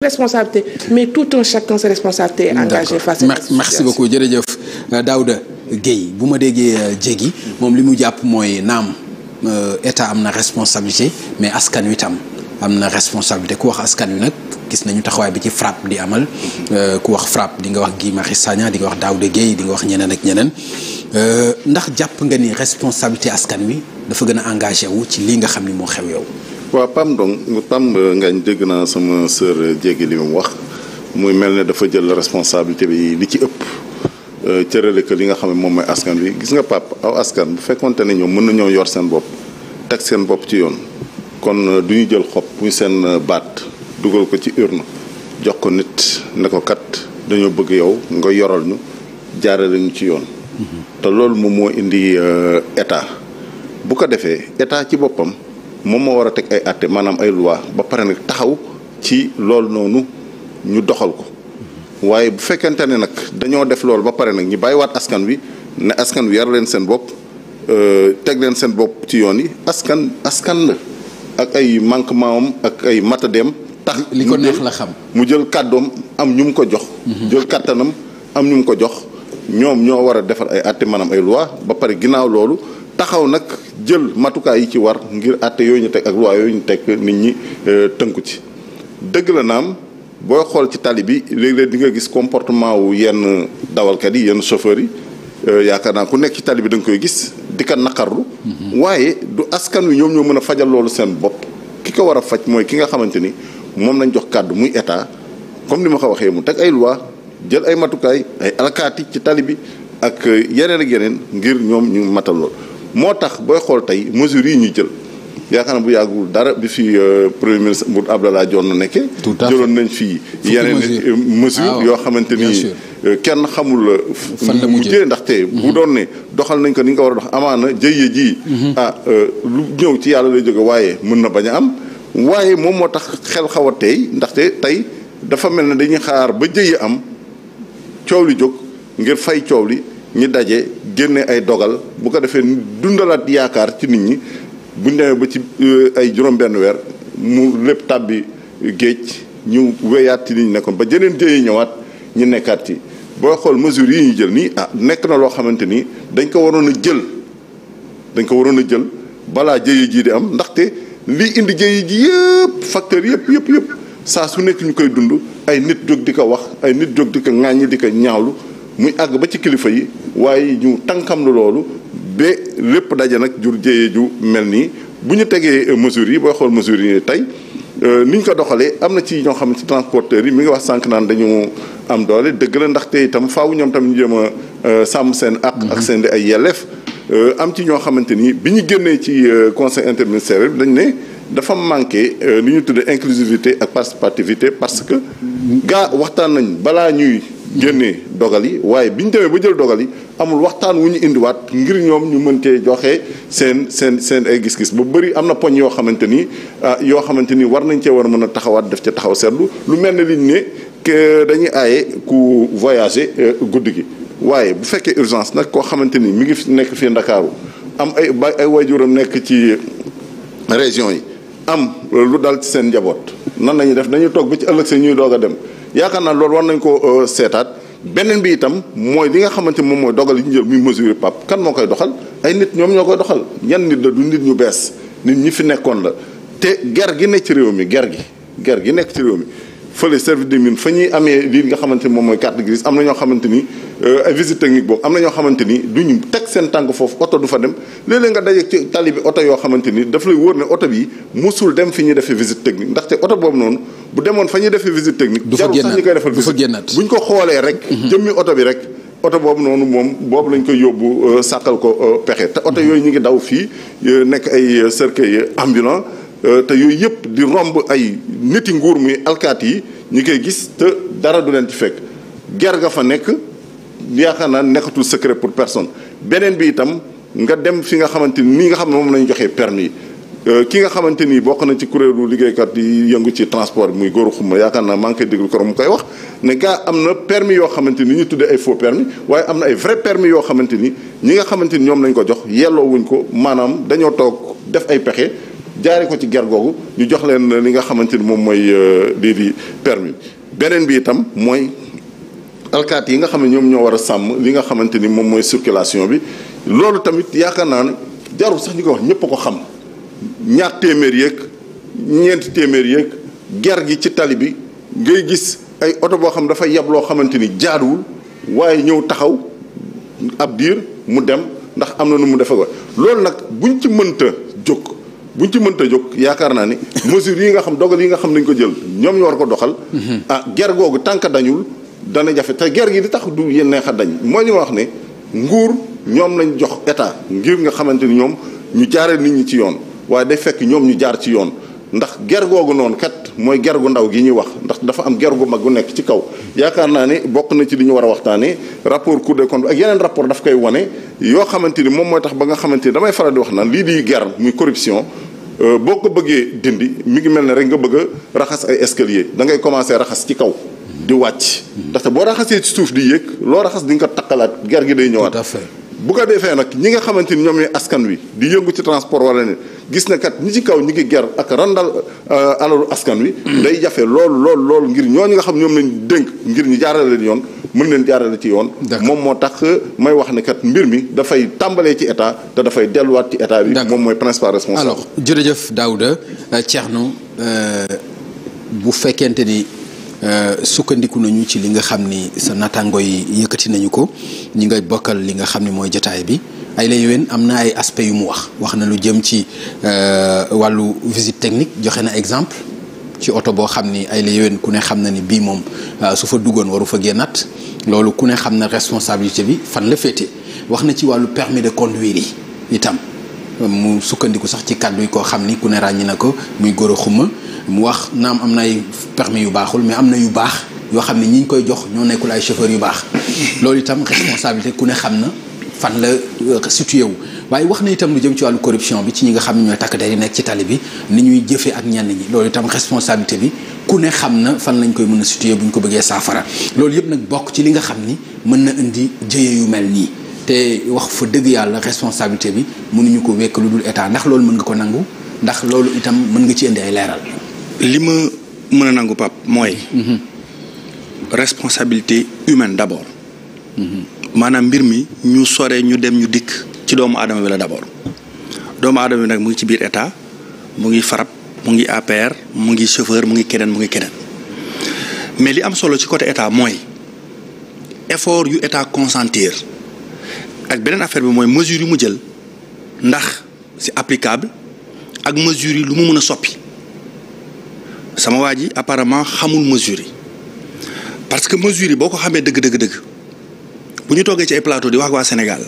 responsabilité mais tout un chacun sa responsabilité engagée face à cette merci beaucoup jërëjëf euh, Daouda Guèye bu ma déggee euh, jéegi moom li mu jàpp mooy naam euh, état am na responsabilité mais askan wi tam am na responsabilité ku wax askan wi nag gis nañu taxawaay bi ci frappe di amal ku wax frappe di nga wax Guy Marius Sagna di nga wax Daouda Guèye di nga wax ñeneen ak ñeneen ndax jàpp nga ni responsabilité askan wi dafa gën a engagé wu ci lii nga xam ni moo xew yow waaw PAM donc PAM euh, ngañ dégg naa sama sœur jéggi li mu wax muy mel ne dafa jël responsabilité bi li ci ëpp euh, cërale que li nga xam ne moom mooy askan bi gis nga pap aw askan bu fekkonte ne ñoom mën nañoo yor seen bopp teg seen bopp ci yoon kon euh, du ñu jël xob muy seen baat dugal ko ci urne jox ko nit ne ko kat dañoo bëgg yow nga yoral ñu jaarale ñu ci yoon mhm. te loolu moom moo indi état bu ko defee état ci boppam moom moo war a teg ay atte maanaam ay loi ba pare nag taxaw ci loolu noonu ñu doxal ko waaye bu fekkente ne nag dañoo def loolu ba pare nag ñu waat askan wi ne askan wi yar leen seen bopp euh, teg leen seen bopp ci yoon yi askan askan la ak ay manquement am ak ay matadeem tax li ko neex la xam mu jël kàddoom am ñu mu ko jox mhm. jël kàttanam am ñu mu ko jox ñoom ñoo war a defar ay atte manam ay loi ba pare ginnaaw loolu taxaw nag jël matukaay yi ci war ngir àtte yooyu ñu teg ak loi yooyu ñu teg nit ñi euh, tënku ci dëgg la naam booy xool ci tali bi léeg-léeg di nga gis comportement wu yenn dawalkat yi yenn chauffeurs yi euh, yaakaar naa ku nekk ci tali bi da nga koy gis di ka naqarlu mhm. waaye du askan wi ñoom ñoo mën a fajal loolu seen bopp ki ko war a faj mooy ki nga xamante ni moom lañ jox kàddu muy état comme ni ma ko waxee mu teg ay loi jël ay matukaay ay alkaati ci tali bi ak yeneen ak ngir ñoom ñu moo tax booy xool tey mesures yi ñu jël yaakaar naa bu yàggul dara bi fi euh, premier ministre bu Abdallah Dionne nekkee jëloon nañ fii yeneen euh, mesure ah, yoo xamante ni euh, kenn xamul fan la mujjee ndaxte bu mhm. doon ne doxal nañ ko dinga ko war a dox amaana jëye ji mhm. ah lu ñëw ci yàlla lay jóge waaye mën na bañ a am waaye moom moo tax xel xaw a teey ndaxte tey dafa mel ne dañuy xaar ba jëye am coow li jóg ngir fay coow li ñu daje génne ay dogal bu ko defee dundalaat yaakaar ci nit ñi buñ demee ba ci euh, ay juróom-benn weer mu lépp tàbbi géej ñu weyaat ci nit ñi nekkoon ba jeneen jéye ñëwaat ñu nekkaat yi booy xool mesures yi ñu jël nii ah nekk na loo xamante ni dañ ko waroon a jël dañ ko waroon a jël balaa jéye jii di am ndaxte lii indi jéye ji yëpp facteurs yëpp yëpp yëpp saa su nekk ñu koy dund ay nit jóg di ko wax ay nit jóg di ko ŋàññi di ko ñaawlu muy àgg ba ci kilifa yi waaye ñu tànkam lu loolu ba lépp daje nag jur jéyee ju mel nii bu ñu tegee euh, mesures yi booy xool mesures tey euh, ni ñu ko doxalee am na ci ñoo xam ne ci transporteurs yi mi ngi wax sànq naan dañu am doole dëgg la ndaxte itam faaw ñoom tamit ñu jëm euh, sàmm seen ak ak mhm. seen di ay yelleef am ci ñoo xamante ni bi ñu génnee ci conseil interministériel bi dañ ne dafa manqué ni ñu tuddee inclusivité ak participativité parce que mhm. gaa waxtaan nañ balaa ñuy génnee dogal yi waaye bi ñu demee ba jël dogal yi amul waxtaan wu ñu indiwaat ngir ñoom ñu mën cee joxe seen seen seen ay gis-gis ba bëri am na poñ yoo xamante ni ah, yoo xamante ni war nañ cee war a mën a taxawaat def ca taxaw seetlu lu mel ne liñ ne que dañuy aaye ku voyager euh, guddi gi. waaye bu fekkee urgence nag koo xamante ni mi ngi fi nekk fii Ndakaaru am ay ba ay waajuram nekk ci région yi am lu dal ci seen njaboot nan nañu def dañuy toog ba ci ëllëg si ñuy doog a dem. yaakaar naa loolu war nañ ko euh, seetaat beneen bi itam mooy li nga xamante moom mooy dogal yi ñu jël muy mesure PAP kan moo koy doxal ay nit ñoom ñoo koy doxal ñan nit la du nit ñu bees nit ñi fi nekkoon la te ger gi nekk ci réew mi ger gi ger gi nekk ci réew mi fële service de mines fa ñuy amee lii nga xamante moom mooy carte grise am na ñoo xamante ni Euh, ay visite technique boobu am na ñoo xamante ni du ñu teg seen tànk foofu oto du fa dem léeg nga daje ci tali bi oto yoo xamante ni daf lay wóor ne oto bi musul dem fi ñuy defee visite technique ndaxte oto boobu noonu bu demoon fa ñuy defee visite technique. jarul sax ñu koy defal visite bu ñu ko xoolee rek. Mhm. jëmmi oto bi rek. oto boobu noonu moom boobu lañ koy yóbbu euh, sàkkal ko euh, pexe te oto yooyu ñu ngi daw fii nekk ay cercueil ambulant te yooyu yëpp di romb ay niti nguur muy alkaati yi ñu koy gis te dara du leen ci fekk ger ga fa nekk. yaakaar naa nekkatul secret pour personne beneen bi itam nga dem fi nga xamante ni nii nga xam ne moom lañu joxee permis euh, ki nga xamante ni bokk na ci kuréelu liggéeykat yi yëngu ci transport muy góoru xuma yaakaar naa maa ngi koy déglu koro mu koy wax ne gaa am na permis yoo xamante ni ñu tuddee ay faux permis waaye am na ay vrai permis yoo xamante ni ñi nga xamante ni ñoom lañ ko jox yelloo wuñ ko maanaam dañoo toog def ay pexe jaare ko ci ger googu ñu jox leen li nga xamante ni moom mooy euh, lii di permis beneen bi itam mooy alkaati yi nga xam ne ñoom ñoo war a sàmm li nga xamante ni moom mooy circulation bi loolu tamit yaakaar naa ne jarul sax ñu ko wax ñëpp a ko xam ñaar téeméer yeeg ñeenti téeméer yeeg ger gi ci tali bi ngay gis ay oto boo xam dafa yab loo xamante ni jaaduwul waaye ñëw taxaw ab diir mu dem ndax am na nu mu defee ko loolu nag buñ ci mënta jóg buñ ci mënta jóg yaakaar naa ni mesures yi nga xam dogal yi nga xam nañ ko jël ñoom ñu war ko doxal mm-hmm. ah, ger googu tànk dañul dana jafe te guerre gi di tax du yéen neex a dañ mooy li wax ne nguur ñoom lañ jox état ngir nga xamante ni ñoom ñu jaaree nit ñi ci yoon waaye day fekk ñoom ñu jaar ci yoon ndax ger googu noonu kat mooy ger gu ndaw gi ñuy wax ndax dafa am ger gu mag gu nekk ci kaw yaakaar naa ne bokk na ci li ñu war a waxtaanee rapport Cour des comptes ak yeneen rapport daf koy wane yoo xamante ni moom mooy tax ba nga xamante ni damay faral di wax naan lii di ger muy corruption euh, boo ko bëggee dindi mi ngi mel ne rek nga bëgg raxas ay escalier da ngay commencer raxas ci kaw di wàcc. te boo raxasee ci suuf di yëg loo raxas di nga ko takkalaat ger gi day ñëwaat. bu ko defee nag ñi nga xamante ni ñoom ñooy askan wi di yëngu ci transport walla ne gis na kat ñi ci kaw ñi ngi ger ak randal euh, alalu askan wi. Hmm. day jafe loolu loolu loolu ngir ñooñu nga xam ñoom lañ dénk ngir ñu jaarale leen yoon mën leen jaarale ci yoon. moom moo tax may wax ne kat mbir mi dafay tàmbalee ci état te dafay delluwaat ci état bi. moom mooy principal responsable. alors jërëjëf Daouda Thierno euh, bu fekkente ni. Euh, sukkandiku nañu ci li nga xam ni sa natango yi yëkkati nañu ko ñi ngay bokkal li nga xam ni mooy jataay bi ay la yowén am na ay aspect yu mu wax wax na lu jëm ci euh, wàllu visite technique joxe na exemple ci oto boo xam ni ay la yowén ku ne xam na ni bii moom euh, su fa duggoon waru fa nat loolu ku ne xam na responsabilité bi fan la féete wax na ci wàllu permis de conduire yi itam mu sukkandiku sax ci kàddu yi koo xam ni ku ne ràññi na ko muy góor a mu wax naa am na ay permis yu baaxul mais am na yu baax yoo xam ne ñi ñu koy jox ñoo nekkul ay chauffeurs yu baax loolu itam responsabilité ku ne xam na fan la euh, situé wu waaye wax na itam lu jëm ci wàllu corruption bi ci ñi nga xam ne ñooy takk der nekk ci tali bi ni ñuy jëfee ak ñenn ñi loolu itam responsabilité bi ku ne xam na fan lañ koy mën a situé bu ñu ko bëggee saafara loolu yëpp nag bokk ci li nga xam ni mën na indi jëye yu mel nii te wax fa dëgg yàlla responsabilité bi mënuñu ko wekk lu dul état ndax loolu mën nga ko nangu ndax loolu itam mën nga ci indi ay leeral li ma mën a nangu pap mooy. Mhm. responsabilité humaine d'abord. Mhm. maanaam mbir mi ñu sore ñu dem ñu dikk ci doomu aadama bi la d'abord doomu aadama bi nag mu ngi ci biir état mu ngi farab mu ngi APR mu ngi chauffeur mu ngi keneen mu ngi keneen mais li am solo ci côté état mooy effort yu état consentir ak beneen affaire bi mooy mesure yu mu jël ndax c'est applicable ak mesure yi lu mu mën a soppi. sama waa ji apparemment xamul mesure yi parce que mesure boo ko xamee dëgg dëgg dëgg bu ñu toogee ci ay plateau di wax waa Sénégal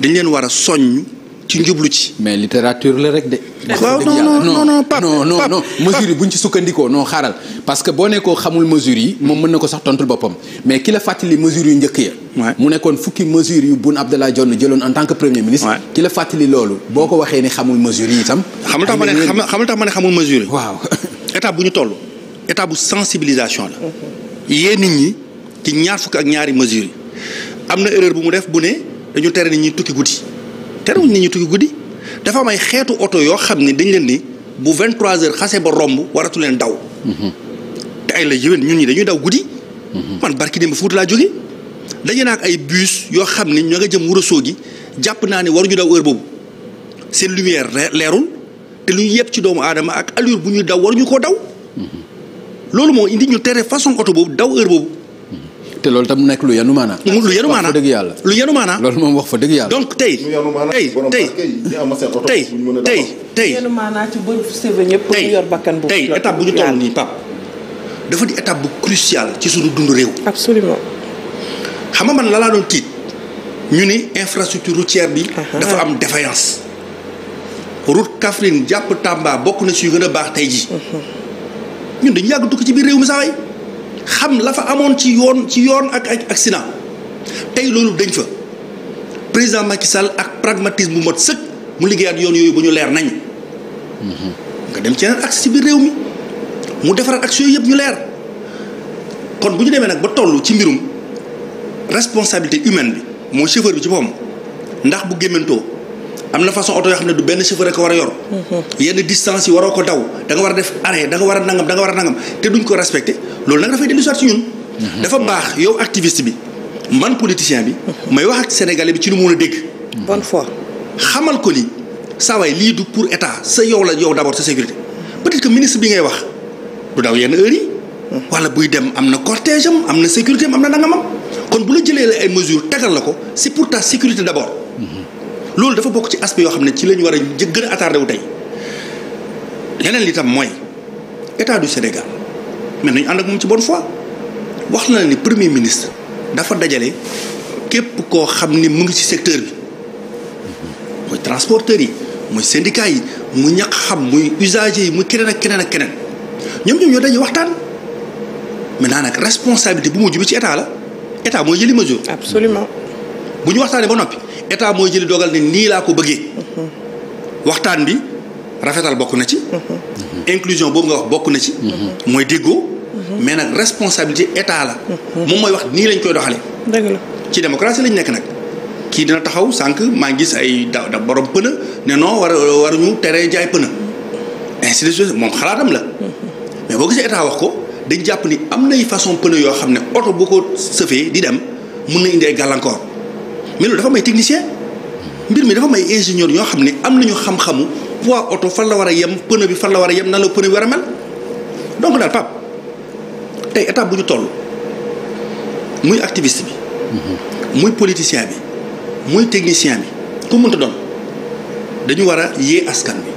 dañ leen war a soññ ci njublu ci. mais littérature la rek de. waaw no non non Pape non non non mesure yi buñ ci sukkandikoo non xaaral parce que boo nekkoo xamul mesure yi moom mën na ko sax tontul boppam mais ki fàttali mesure yu njëkk ya. mu nekkoon fukki mesure yu Boun Abdallah Dionne jëloon en tant que premier ministre. ki la fàttali loolu boo ko waxee ni xamul mesure yi itam. xamul tax ma étape bu ñu toll étape bu sensibilisation la. yee nit ñi ci ñaar fukk ak ñaari mesures am na erreur bu mu def bu ne dañu tere nit ñi tukki guddi terewuñ nit ñi tukki guddi dafa am ay xeetu oto yoo xam ne dañ leen ni bu 23 heures xase ba romb waratu leen daw. te ay la yéwén ñun ñi dañuy daw guddi. man barki dem ba Fuuta laa jóge daje naa ay bus yoo xam ne ñoo nga jëm Ourossogui jàpp naa ne ñu daw heure boobu seen lumière leerul. te lu yëpp ci doomu aadama ak allure bu ñuy daw ñu koo daw. loolu moo indi ñu tere façon oto boobu daw heure boobu. te loolu tam nekk lu yanu maana lu yanu maanaa dëgg yàlla. lu yanu maanaa loolu moom wax fa dëgg yàlla. donc tey tey tey tey tey tey. yanu maanaa ci bu sëve ñëpp pour yor bakkan bu tey étape ñu toll nii Pape dafa di étape bu cruciale ci suñu dundu réew. absolument. xam nga man laa doon tiit ñu ni infrastructure routière bi. Ah, ah. dafa am défaillance. route Kaffrine jàpp Tamba bokk na si yu gën a baax tey ji ñun dañu yàgg tukki ci biir réew mi sax xam la fa amoon ci yoon ci yoon ak ak accident tey loolu dañ fa président Macky Sall ak pragmatisme bu mot sëkk mu liggéeyaat yoon yooyu bu ñu leer nañ nga dem ci yeneen axe ci biir réew mi mu defaraat action yooyu yëpp ñu leer kon bu ñu demee nag ba tollu ci mbirum responsabilité humaine bi mooy chauffeur bi ci moom ndax bu gémmantoo am na façon oto yoo xam ne du benn chauffeur rek ko war a yor. yenn distance yi waroo ko daw da war a def arrêt da war a nangam da war a nangam te duñ ko respecté loolu nag dafay dellu si ñun. dafa baax yow activiste bi man politicien bi. may wax ak sénégalais bi ci lu mu mën a xamal ko ni saa lii du pour état sa yow la yow d' abord sa sécurité peut-être que ministre bi ngay wax du daw yenn heures yi. wala buy dem am na cortège am am na sécurité am na nangamam kon bu la jëlee la ay mesures ko pour ta sécurité d' abord. loolu dafa bokk ci aspect yoo xam ne ci lañu war a gën a attardé wu tey leneen li tam mooy état du Sénégal mais nañu ànd ak moom ci bon fois wax na ni premier ministre dafa dajale képp koo xam ni mu ngi ci secteur bi mooy transporteurs yi muy syndicats yi mu ñaq xam muy usagers yi mu keneen ak keneen ak keneen ñoom ñoom ñoo dañuy waxtaan maintenant nag responsabilité bu mu bi ci état la état mooy jëli mesure. absolument. bu ñu waxtaanee ba noppi état mooy jëli dogal ne nii laa ko bëggee. waxtaan bi rafetal bokk na ci. inclusion boobu nga wax bokk na ci. mooy déggoo. mais nag responsabilité état la. moom mooy wax nii lañ koy doxale dëgg la ci démocratie lañ nekk nag. kii dina taxaw sànq maa ngi gis ay da da borom ne non war waruñu tere jaay pënë ainsi de moom xalaatam la mais boo gisee état wax ko dañ jàpp ni am nay façon pënë yoo xam ne oto bu ko sëfee di dem mun na indi ay gàllankoor. mais dafa may technicien mbir mi dafa may ingénieur yoo xam ne am nañu xam-xamu poids oto fan la war a yem pneu bi fan la war a yem nan la pneu bi war a mel donc daal Pape tey étape bu ñu toll muy activiste bi. muy politicien bi. muy technicien bi. ku mënta doon dañu war a yee askan bi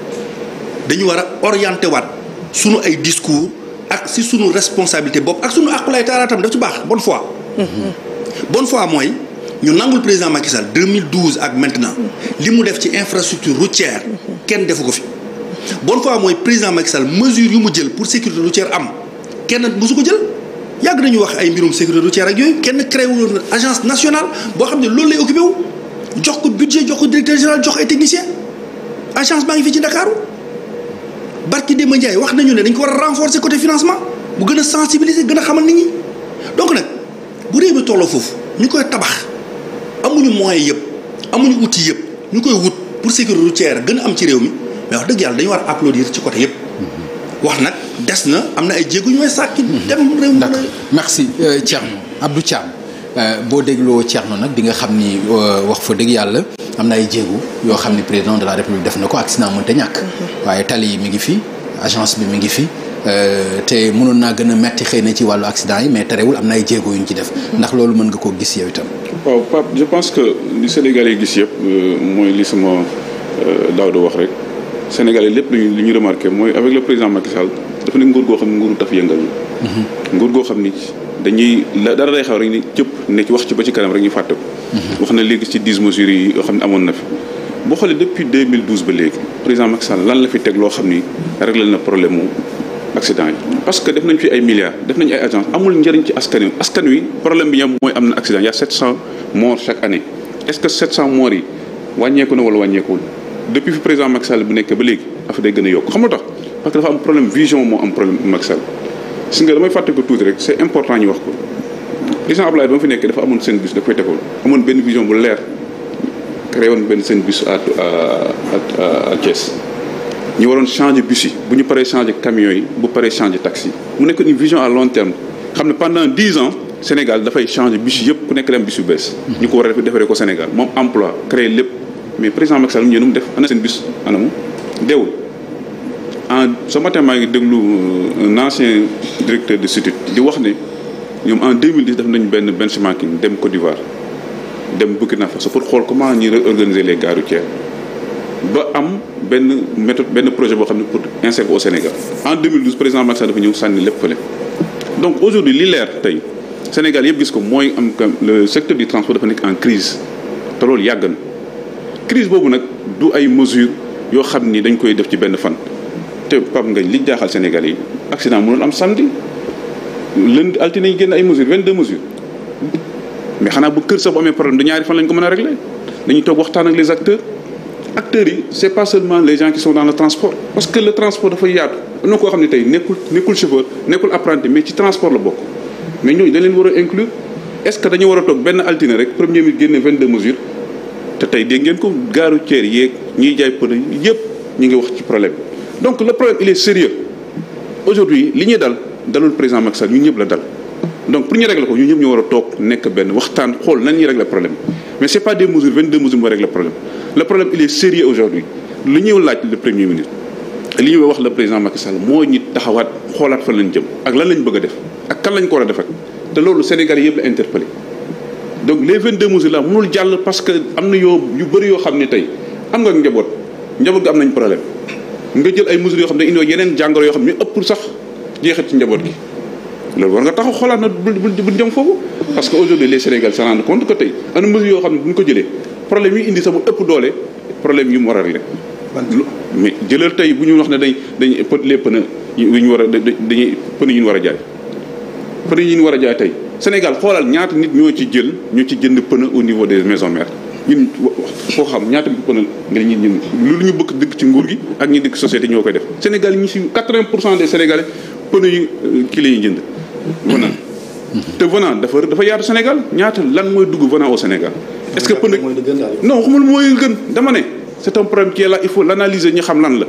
dañu war a orienté waat sunu ay discours ak si sunu responsabilité bopp ak sunu àqulaay taaraatam daf ci baax bon foi. Mm-hmm. bonne foi mooy. ñu nangul président Macky Sall 2012 ak maintenant li mu def ci infrastructure routière kenn defu ko fi bonne fois mooy président Macky Sall mesure yu mu jël pour sécurité routière am kenn su ko jël yàgg nañu wax ay mbirum sécurité routière ak yooyu kenn créé wu agence nationale boo xam ne loolu lay occupé wu jox ko budget jox ko directeur général jox ay technicien agence baa ngi fii ci Ndakaaru barki Demba Ndiaye wax nañu ne dañ ko war a renforcer côté financement bu gën a sensibiliser gën a xamal nit ñi donc nag bu réew mi tolloo foofu ñu koy tabax. amuñu moyens yëpp amuñu outils yëpp ñu koy wut pour sécurité routière gën a am ci réew mi mais wax dëgg yàlla dañu war a applaudir ci côté yëpp. Mm-hmm. wax nag des na am na ay jéegu yu may sàkki. Mm-hmm. dem réew mi d'accord merci euh, Thierno Abdou Thiam. Euh, boo dégloo Thierno nag di nga xam ni euh, wax fa dëgg yàlla am na ay jéego yoo xam ni président de la république def na ko accident mënta ñàkk. Mm-hmm. waaye tali yi mi ngi fi agence bi mi ngi fi. te mënoon naa gën a metti xëy na ci wàllu accident yi mais terewul am na ay jéego yu ñu ci def. ndax loolu mën nga koo gis yow itam. waaw Pape je pense que li Sénégalais gis yëpp euh, mooy li sama euh, daaw di wax rek Sénégalais lépp lu ñu li ñu remarqué mooy avec la président Macky Sall dafa nekk nguur goo xam ne nguuru taf yëngal la. Mhm. nguur goo xam ni dañuy dara day xaw rek ni cëpp ne ci wax ci ba ci kanam rek ñu fàtte ko. Mhm. wax na léegi ci 10 mesures yi yoo xam ne amoon na fi. boo xoolee depuis 2012 ba léegi président Macky Sall lan la fi teg loo xam ni réglé na problème mu accident yi parce que def nañ fi ay milliards def nañ ay agence amul njëriñ ci askan wi askan wi problème bi ñoom mooy am na accident y a 700 morts chaque année est-ce que 700 morts yi wàññeeku na wala wàññeekuwul depuis fi président Macky Sall bu nekkee ba léegi affaire day gën yokk xam nga tax parce que dafa am problème vision moo am problème Macky Sall si nga damay fàtte ko tuuti rek c'est important ñu wax ko président Abdoulaye ba mu fi nekk dafa amoon seen bus da benn vision bu leer créé benn seen bus à à à Thiès ñu waroon changer bus yi bu ñu paree changer camions yi bu paree changer taxi mu nekk une vision à long terme xam ne pendant dix ans Sénégal dafay changer bus yëpp ku nekk dem bus yu bees. ñu ko war a defaree ko Sénégal moom emploi créer lépp mais président Macky Sall ñu mu def ana seen bus anamu deewul. en matin maa ngi déglu euh, un directeur de CETUD di wax ne ñoom en 2010 def nañu benn benchmarking dem Côte d'Ivoire dem fa Faso pour xool comment ñuy réorganiser les gares routières ba am benn méthode benn projet boo xam ne pour insérer au Sénégal en 2012 président Macky Sall dafa ñëw sànni lépp fële donc aujourd'hui li leer tey Sénégal yëpp gis ko mooy am le secteur du transport dafa nekk en crise te loolu yàgg na crise boobu nag du ay mesures yoo xam ni dañ koy def ci benn fan te Pape nga li jaaxal Sénégal yi accident mënoon am samedi lundi altine yi génn ay mesures 22 mesures mais xanaa bu kër sax bu amee problème du ñaari fan lañ ko mën a régler dañuy toog waxtaan ak les acteurs yi c' est pas seulement les gens qui sont dans le transport parce que le transport dafa yaatu am na koo xam ne tey nekkul nekkul chauffeur nekkul apprenti mais ci transport la bokk mais war a inclure est ce que a toog benn altine rek premier mi génne ngeen ko gaaru ceer jaay pëne yëpp ñu ngi wax ci problème donc le problème il est sérieux aujourd'hui li ñuy dal dalul président Macky Sall ñun ñëpp la dal donc pour ñu régler ko ñun ñëpp ñu war toog nekk benn waxtaan xool nan ñuy régler problème mais c' est pas des mesures 22 mesures mooy régler problème le problème il est sérieux aujourd'hui li laaj le premier ministre li ñuy wax la président Macky Sall mooy ñi taxawaat xoolaat fan lañ jëm ak lan lañ bëgg a def ak kan lañ ko war a def te loolu Sénégal yëpp la interpellé donc les 22 mesures là mënul jàll parce que am na yoo yu bëri yoo xam ne tey am nga njaboot njaboot gi am nañ problème nga jël ay mesures yoo xam ne indoo yeneen jàngoro yoo xam ne ëppul sax jeexat ci njaboot gi loolu war nga taxaw xoolaat na bu bu jëm foofu parce que aujourd'hui les Sénégalais se rendent compte que tey am na mesures yoo xam ne bu ñu jëlee problème yi indi sama ëpp doole problème yu mu war a régler mais jëlal tey bu ñu wax ne dañ dañ les pneus yu ñu war a dañuy pneus yu ñu war a jaay pneus yu ñu war a jaay tey Sénégal xoolal ñaata nit ñoo ci jël ñoo ci jënd pneu au niveau des maisons mères foo xam ñaata pneu nga ñu jënd lu ñu bëgg dëkk ci nguur gi ak ñi dëkk société ñoo koy def Sénégal ñi si 80 pour cent des Sénégalais pneu yi kii la ñuy jënd venant mm-hmm. te venant dafa dafa yaatu Sénégal ñaata lan mooy dugg venant au Sénégal est-ce que pneu non xamul mooy gën dama ne c'est un problème qui est là il faut l'analyser ñu xam lan la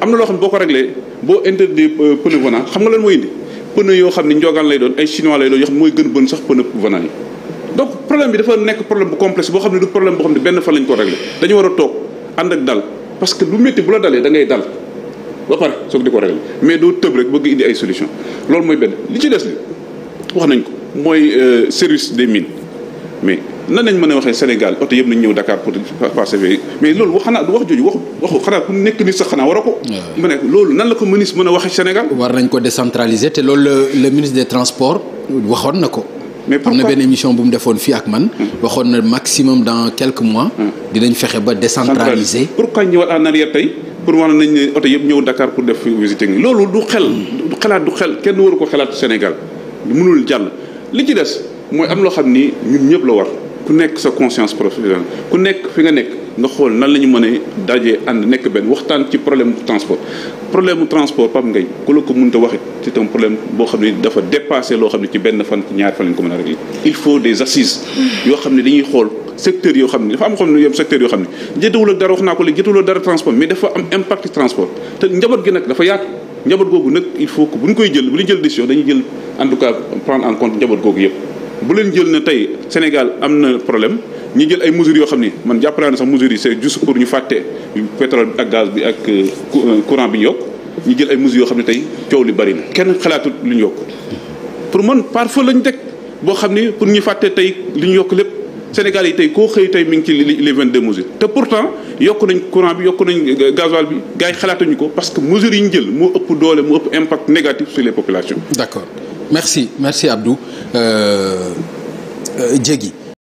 am na loo xam ne boo ko réglé boo interdit euh, pneu venant xam nga lan mooy indi pneu yoo xam ne njogaan lay doon ay chinois lay doon yoo xam mooy gën bën sax pneu venant yi donc problème bi dafa nekk problème bu complexe boo xam ne du problème boo xam ne benn fan lañ ko réglé dañu war a toog ànd ak dal parce que lu métti bu la dalee da ngay dal ba pare ko mais doo tëb rek ay solution loolu mooy benn ci des li ko mooy euh, service des mines nan nañ mën a waxee Sénégal oto yëpp nañ ñëw Dakar pour passer fee mais loolu wax xanaa wax jooju a ko mu nan la ko ministre mën a waxee Sénégal war nañ ko décentraliser te loolu le ministre des transports waxoon na ko mais am na benn émission bu defoon fii ak man. waxoon na maximum dans quelques mois. dinañ fexe ba décentraliser. pourquoi ñëwal en arrière tey pour wax nañ ne yëpp ñëw Dakar pour def visite technique loolu du xel. du xalaat du xel kenn waru ko xalaat Sénégal. du mënul jàll li ci des mooy am loo xam ni ñun ñëpp la war. ku nekk sa conscience professionnelle ku nekk fi nga nekk nga xool nan la ñu mën a dajee ànd nekk benn waxtaan ci problème transport. problème mu transport Pape Ngaye ku la ko mënta waxit ci tam problème boo xam ne dafa dépassé loo xam ne ci benn fan ci ñaar fan lañ ko mën a réglé. il faut des assises. yoo xam ne dañuy xool secteur yoo xam ne dafa am xam ne yow secteur yoo xam ne jëndewul ak dara wax naa ko léegi jëndewul ak dara transport mais dafa am impact transport te njaboot gi nag dafa yaatu. jël bu ñu jël décision dañuy jël en tout cas prendre en bu leen jël na tey Sénégal am na problème ñu jël ay mesures yoo xam ni man jàpp naa ne sax mesures yi c'est juste pour ñu fàtte pétrole ak gaz bi ak euh, courant bi ñu yokk ñu jël ay mesures yoo xam ne tey coow li bari na kenn xalaatut lu ñu yokk pour man parfois lañu teg boo xam ni pour ñu fàtte tey li ñu yokk lépp Sénégal yi tey koo xëy tey mi ngi ci les vingt deux mesures te pourtant yokk nañ courant bi yokk nañ euh, gasoil bi gars yi ko parce que mesures yi ñu jël moo ëpp doole moo ëpp impact négatif sur les populations. d'accord. merci merci Abdou Diegui. Euh, euh,